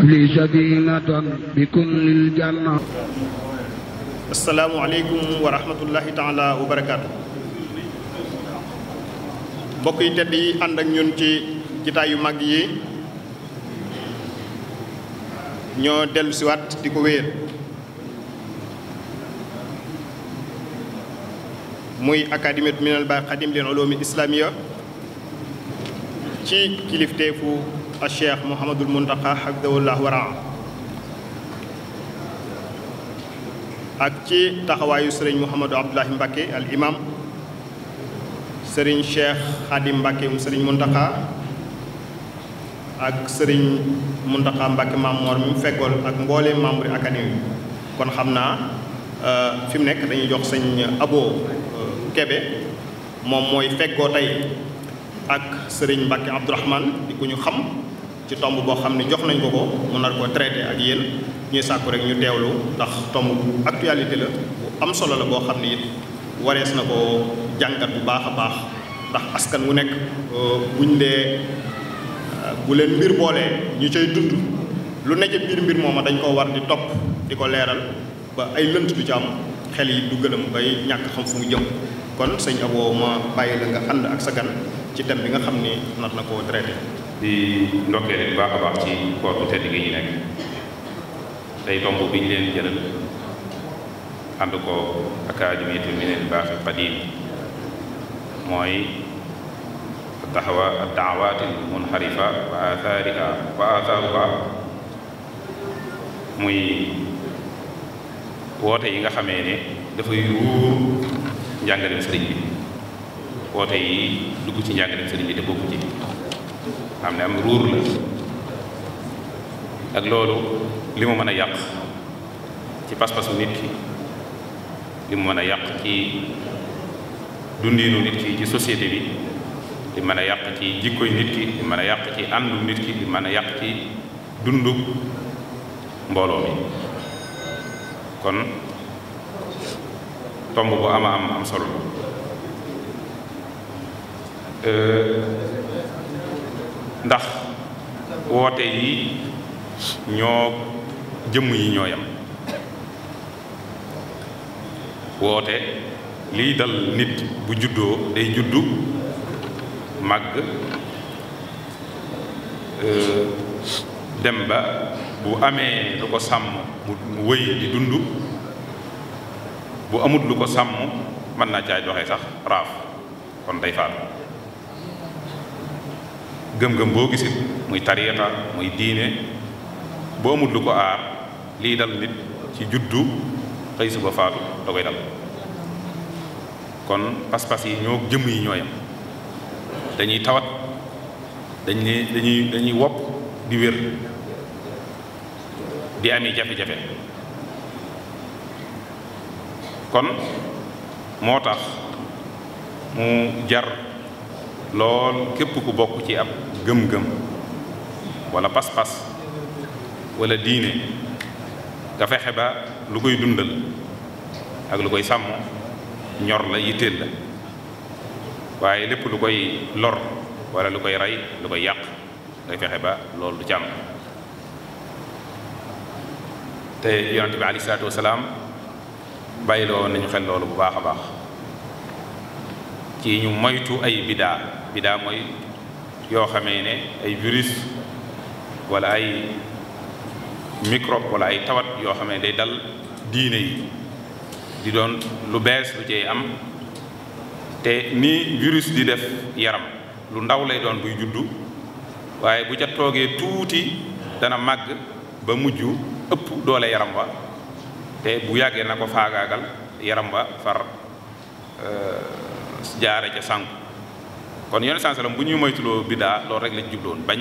li sadinatan bi kullil wa barakaatu mbokk yi tedd yi ànd ak ñun ci jitaay yu mag yi ñoo dellu siwaat di ko wéer muy académie minal baay xadim leen ulumi islamiya ci kilifteefu a cheikh mouhamadul muntaqa hafidahullah waraa ak ci taxawaayu sëriñ mouhamadou abdoulahi mbàkke al imam sëriñ cheikh xadim mbàkke sëriñ muntaqa ak sëriñ muntaqa mbàkke mamoor mi mu ak mboolee membre académie kon xam naa euh, fi mu nekk dañuy jox sëñ abo euh, kebe moom mooy feggoo tey ak sëriñ mbàkke abdourahman di ku ñu xam ci tomb boo xam ne jox nañ ko ko mu nar koo traité ak yéen ñuy sàkku rek ñu teewlu ndax tomb bu actualité la bu am solo la boo xam ne it warees na ko jàngat bu baax a baax ndax askan wu nekk bu euh, buñ dee euh, bu leen mbir boolee ñu cay dund lu nekk biir mbir mooma dañ koo war di topp di ko leeral ba lënt du ci am xel yi du gëlëm bay ñàkk xam fu mu jëm kon sëñ Abo ma bàyyi la nga ànd ak sa gan ci thème bi nga xam ni nar na koo traité di ndokkee leen baax a baax ci koor bu tedd gi ñu nekk tey tomb bi ñu leen jëlal ànd ko akaadimiyatu min al baaxi qadim mooy taxawa daawaat al munxarifa wa aathaariha wa aatharuha muy woote yi nga xame ne dafay wóor njàngaleem sëriñ bi woote yi dugg ci njàngaleem sëriñ bi te bokku xam ne am ruur la ak loolu li mu mën a yàq ci pas-pasu nit ki li mu mën a yàq ci dundiinu nit ki ci société bi di mën a yàq ci jikkoy nit ki di mën a yàq ci àndu nit ki di mën a yàq ci dundu mbooloo mi kon tomb bu ama am am solo ndax woote yi ñoo jëmm yi ñoo yam woote lii dal nit bu juddoo day juddu màgg euh, dem ba bu amee lu ko sàmm mu wëy di dund bu amut lu ko sàmm mën naa caay doxee sax raaf kon day faatu gëm-gëm boo gisit muy tariixa muy diine boo amul lu ko aar lii dal nit ci juddu xëy suba faatu da koy dal kon pas-pas yi ñoo jëm yi ñoo dañuy tawat dañuy dañuy dañuy wopp di wér di ami jafe-jafe kon moo tax mu jar lool képp ku bokk ci ab gëm-gëm wala pas-pas wala diine nga fexe ba lu koy dundal ak lu koy sàmm ñor la yitteel la waaye lépp lu koy lor wala lu koy rey lu koy yàq ngay fexe ba loolu du jàmm te yonent bi aleyhi salaatu wasalaam bàyyiloo nañu xel loolu bu baax a baax ci ñu moytu ay bidaa bidaa mooy yoo xamee ne ay virus wala ay microbe wala ay tawat yoo xamee ne day dal diine yi di doon lu bees lu cay am te ni virus di def yaram lu ndaw lay doon buy juddu waaye bu ca toogee tuuti dana màgg ba mujj ëpp doole yaram wa te bu yàggee na ko faagaagal yaram wa far euh, jaare ca sànku kon yonent saa bu ñuy moytuloo biddaa loolu rek lañ jubloon bañ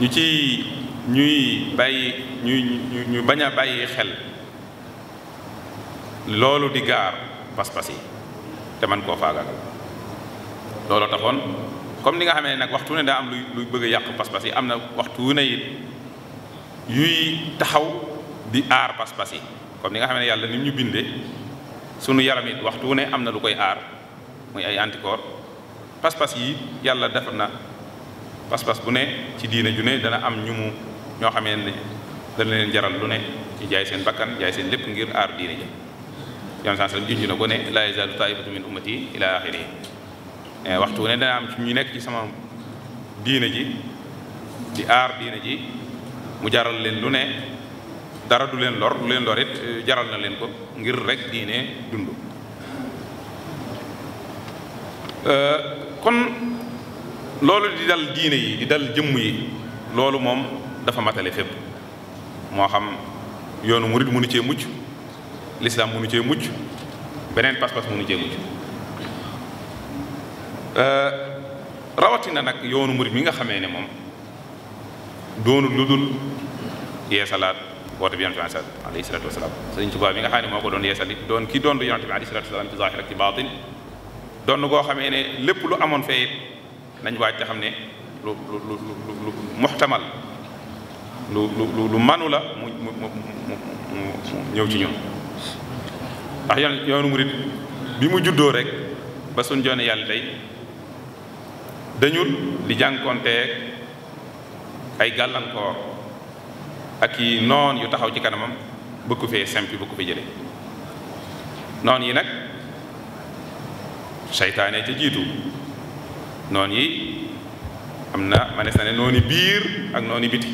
ñu ci ñuy bàyyi ñu ñu bañ a bàyyi xel loolu di gaar pas-pas yi te man koo faagal looloo taxoon comme ni nga xamee nag waxtu ne daa am lu luy bëgg yàq pas-pas yi am na waxtu wu ne it yuy taxaw di aar pas-pas yi comme ni nga xamee ne yàlla ni ñu bindee sunu yaram it waxtu wu ne am na lu koy aar muy ay anticorps pas-pas yi yàlla defar na pas-pas bu ne ci diine ju ne dana am ñu mu ñoo xamee ne dana leen jaral lu ne ci jaay seen bakkan jaay seen lépp ngir aar diine ji yon san salam junju na ko ne laa yazaalu taa'ifatu min ummati ila axiri eh, waxtu ne dana am ci ñu nekk ci sama diine ji di aar diine ji mu jaral leen lu ne dara du leen lor du leen lor eh, jaral na leen ko ngir rek diine dund eh, kon loolu di dal diine yi di dal jëmm yi loolu moom dafa matale fépp moo xam yoonu murit munu cee mucc lislaam munu cee mujj beneen pas-pas munu cee mucc euh, rawatina nag yoonu murit mi nga xamee ne moom doonul lu dul yeesalaat woote bi yonent bi alayhi salaatu wasalaam sëriñ Tuubaa xam ne moo ko doon yeesali doon ki doon du yonent bi alayhi salaatu wasalaam ci zaahir baatin donn goo xamee ne lépp lu amoon fee it nañ waaj te xam ne lu lu lu lu muxtamal lu lu lu manu la mu mu mu mu ñëw ci ñun ndax yoon yoonu murit bi mu juddoo rek ba suñ joone yàlla tey dañul di jànkonteeg ay gàllankoor ak yi noon yu taxaw ci kanamam bëgg ko fee simpi bëgg fee jële noon yi nag seytaane ci jiitu noon yi am na manes na ne noonu biir ak noonu biti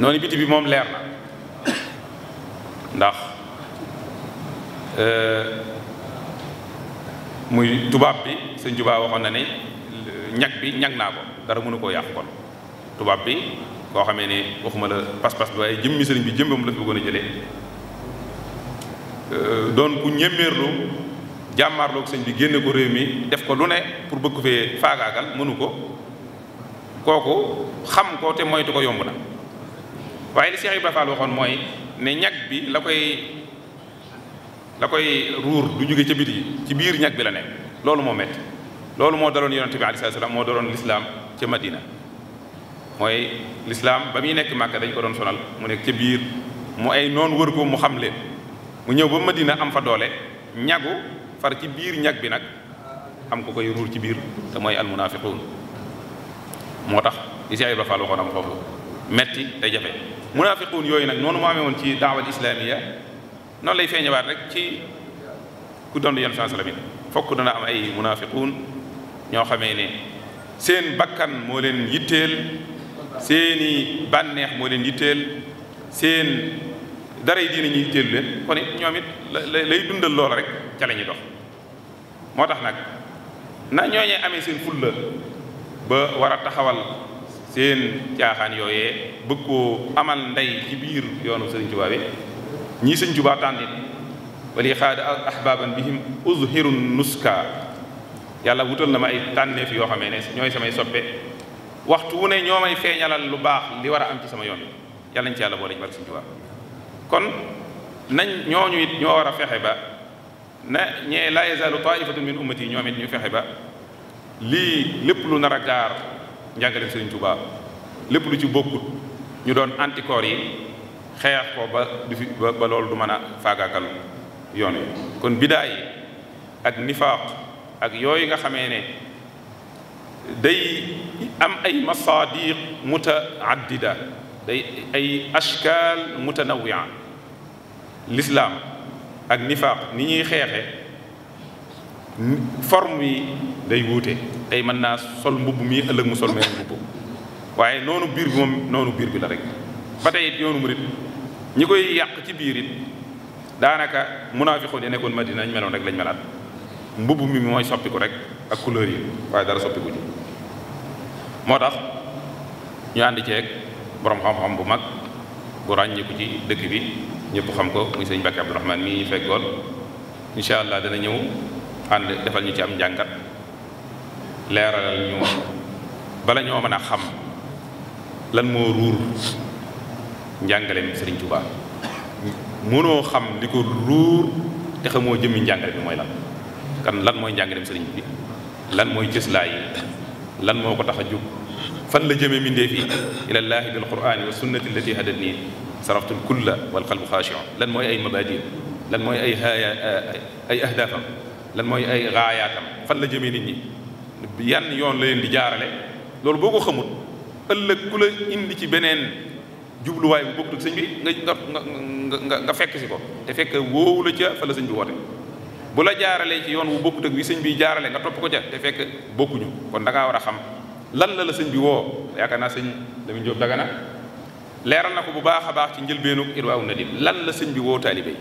noonu biti bi moom leer na ndax euh, muy tubaab bi sëñ tubaab waxoon na ne ñag bi ñag naa ko dara mënu koo yàq kon tubaab bi koo xamee ne waxuma la pas-pas bi waaye jëm sëriñ bi jëmbam la fi bëggoon a jëlee euh, doon ku ñemmeerlu jàmmaarloog sëñ bi génne ko réew mi def ko lu ne pour bëgg ko fee faagaagal mënu ko kooku xam ko te moytu ko yomb na waaye li Cheikh Ibrahima Fall waxoon mooy ne ñag bi la koy la koy ruur du jóge ca biti ci biir ñag bi la nekk loolu moo métti loolu moo daloon yonente bi alayhi salaam moo daloon lislaam ca Madina mooy lislaam ba muy nekk Màkka dañ ko doon sonal mu nekk ca biir mu ay noon wër ko mu xam leen mu ñëw ba Madina am fa doole ñagu far ci biir ñag bi nag am ko koy ruur ci biir te mooy almunafiquun moo tax li Cheikh Ibra Fall waxoon am foofu metti te jafe munafiquun yooyu nag noonu mu amee woon ci daawal islamiya noonu lay feeñewaat rek ci ku doon yon chance la bi fokk dana am ay munafiquun ñoo xamee ne seen bakkan moo leen yitteel seeni bànneex moo leen yitteel seen dara yi diine ñuy teelu leen kon it ñoom lay dundal loola rek ca la ñuy dox moo tax nag na ñooñee amee seen fulla ba war a taxawal seen caaxaan yooyee bëgg amal ndey ci biir yoonu sëriñ Tuubaa bi ñii sëriñ jubaa tànnit wali xaada ahbaban bihim uzhiru nuska yàlla wutal na ma ay tànneef yoo xamee ne ñooy samay soppe waxtu wu ne ñoo may feeñalal lu baax li war a am ci sama yoon yàlla ñu ci yàlla boole ñu bari sëriñ Tuubaa kon nañ ñooñu it ñoo war a fexe ba na ñee laa yazaalu taifatun min ummati ñoom it ñu fexe ba lii lépp lu nar a gaar njàngaleem Sëriñ Tuubaa lépp lu ci bokkut ñu doon anticorps yi xeex ko ba du fi ba loolu du mën a faagaakal yoon wi kon bidaa ak nifaaq ak yooyu nga xamee ne day am ay masaadiq mutaaddida day ay ashkaal mutanawia lislaam ak nifaaq ni ñuy xeexe form yi day wuute tey mën naa sol mbubb mii ëllëg mu sol meen mbubb waaye noonu biir bi moom noonu biir bi la rek ba tey it yoonu murit ñi koy yàq ci biir it daanaka munaafiqoon yi nekkoon Madina ñu meloon rek lañ melaat mbubb mi mooy soppiku rek ak couleur yi waaye dara soppiku ji moo tax ñu ànd ceeg boroom xam-xam bu mag bu ràññiku ci dëkk bi ñépp xam ko muy sëñ Mbàkke Abdourahmane mii feg fekkoon incha allah dana ñëw ànd defal ñu ci am njàngat leeralal ñu bala ñoo mën a xam lan moo ruur njàngaleem Sëriñ Tuubaa mënoo xam li ko ruur te xamoo jëmmi njàngale bi mooy la kan lan mooy njàngaleem sëriñ bi lan mooy jës cëslaay lan moo ko tax a jóg fan la jëmee mbindéef yi ilallaahi bil quraani wa sunnati allati hadat nii saraftul kulla wal qalbu xaashiun lan mooy ay mabaadir lan mooy ay haaya ay ahdaafam lan mooy ay gaayaatam fan la jëmee nit ñi yan yoon la leen di jaarale loolu boo ko xamut ëllëg ku la indi ci beneen jubluwaay bu bokkut sëñ bi nga nga nga nga fekk si ko te fekk woowu la ca fa la sëñ bi woote bu la jaaralee ci yoon wu bokkut ak wi sëñ bi jaarale nga topp ko ca te fekk bokkuñu kon da war a xam lan la la sëñ bi woo yaakaar naa sëñ Lamine Diop Dagana leeral na ko bu baax a baax ci njëlbeenug irwaaw nadim lan la sëñ bi woo taalibe yi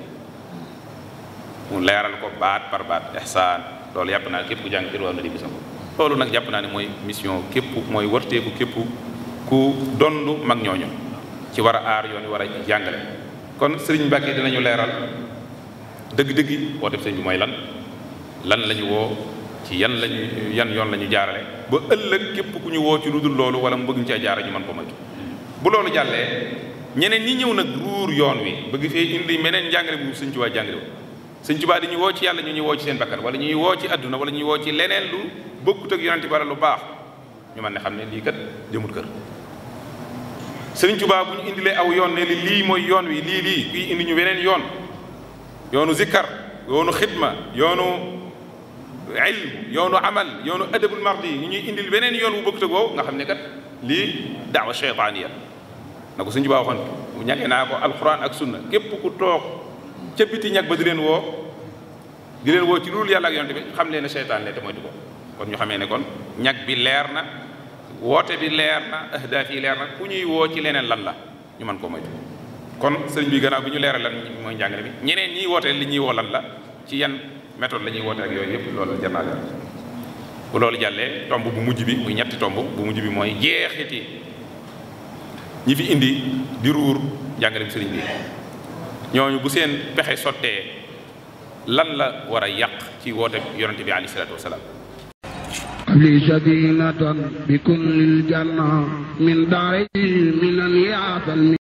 mu leeral ko baat par baat ihsaan loolu yàpp naa képp ku jàng irwaaw nadim bi sa ko loolu nag jàpp naa ne mooy mission képp mooy warteeku képp ku dondu mag ñooñu ci war a aar yoon war a jàngale kon sëriñ Mbàkke dinañu leeral dëgg-dëggi woo def sëñ bi mooy lan lan la ñu woo ci yan lañu yan yoon la ñu jaarale ba ëllëg képp ku ñu woo ci lu dul loolu wala mu bëgg ñu ñu mën ko moytu bu loolu jàllee ñeneen ñi ñëw nag ruur yoon wi bëgg fee indi meneen njàngale bu sëñ Tuubaa jàngale wu sëñ Tuubaa di ñu woo ci yàlla ñu ñuy woo ci seen bakkan wala ñuy woo ci àdduna wala ñuy woo ci leneen lu bokkut ak yonente bara lu baax ñu mën ne xam ne lii kat jëmul kër sëñ Tuubaa bu ñu indilee aw yoon ne lii mooy yoon wi lii lii kuy indi ñu weneen yoon yoonu zikkar yoonu xidma yoonu ilm yoonu amal yoonu adabul mardi ñu ñuy indil weneen yoon wu bokkut nga xam ne kat lii daawa cheytaaniya na ko suñu baa waxoon mu ñagee naa ko alxuraan ak sunna ku toog ca biti ñag ba di leen woo di leen ci loolu yàlla ak yonte bi xam leen ne seytaan leen te ko kon xamee ne kon ñag bi leer na woote bi leer na ahdaaf leer na ku ñuy woo ci leneen lan la ñu mën koo moytu kon sëriñ bi gannaaw bi ñu leeral lan mooy njàngale bi ñeneen ñiy wootee li ñuy woo lan la ci yan méthode la ñuy wootee ak yooyu yëpp loolu jar naa bu loolu jàllee tomb bu mujj bi muy ñetti tomb bu mujj bi mooy jeexiti ñi fi indi di ruur jàngaleem sëriñ bi ñooñu bu seen pexe sottee lan la war a yàq ci woote yonente bi alayhi salaatu wasalaam li sadinatan bi kun lil janna min daari minan yaatal